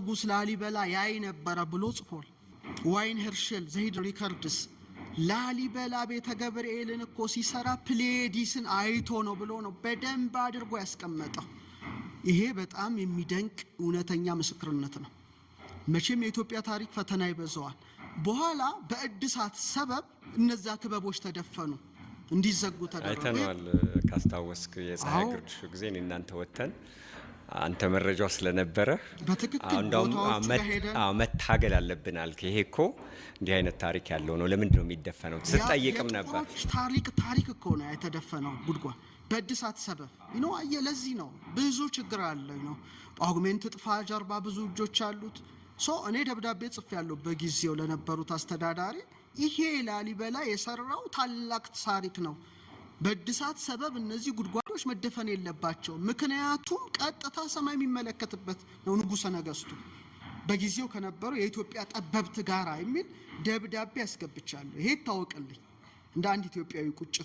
ንጉሥ ላሊበላ ያይ ነበረ ብሎ ጽፏል። ዋይን ሄርሽል ዘይድ ሪከርድስ ላሊበላ ቤተ ገብርኤልን እኮ ሲሰራ ፕሌዲስን አይቶ ነው ብሎ ነው በደንብ አድርጎ ያስቀመጠው። ይሄ በጣም የሚደንቅ እውነተኛ ምስክርነት ነው። መቼም የኢትዮጵያ ታሪክ ፈተና ይበዛዋል። በኋላ በእድሳት ሰበብ እነዛ ክበቦች ተደፈኑ፣ እንዲዘጉ ተደረገ። አይተነዋል ካስታወስክ የፀሐይ ግርግሹ ጊዜ እናንተ ወተን አንተ መረጃው ስለነበረ መታገል አለብን አልክ። ይሄ እኮ እንዲህ አይነት ታሪክ ያለው ነው። ለምንድን ነው የሚደፈነው ስጠይቅም ነበር። ታሪክ ታሪክ እኮ ነው የተደፈነው ጉድጓድ በእድሳት ሰበብ ይነው አየ። ለዚህ ነው ብዙ ችግር አለ ነው ጳጉሜን ትጥፋ ጀርባ ብዙ እጆች አሉት። ሶ እኔ ደብዳቤ ጽፍ ያለው በጊዜው ለነበሩት አስተዳዳሪ ይሄ ላሊበላ የሰራው ታላቅ ታሪክ ነው በእድሳት ሰበብ እነዚህ ጉድጓዶች መደፈን የለባቸው። ምክንያቱም ቀጥታ ሰማይ የሚመለከትበት ነው። ንጉሰ ነገስቱ በጊዜው ከነበረው የኢትዮጵያ ጠበብት ጋራ የሚል ደብዳቤ ያስገብቻለሁ። ይሄ ይታወቅልኝ እንደ አንድ ኢትዮጵያዊ ቁጭት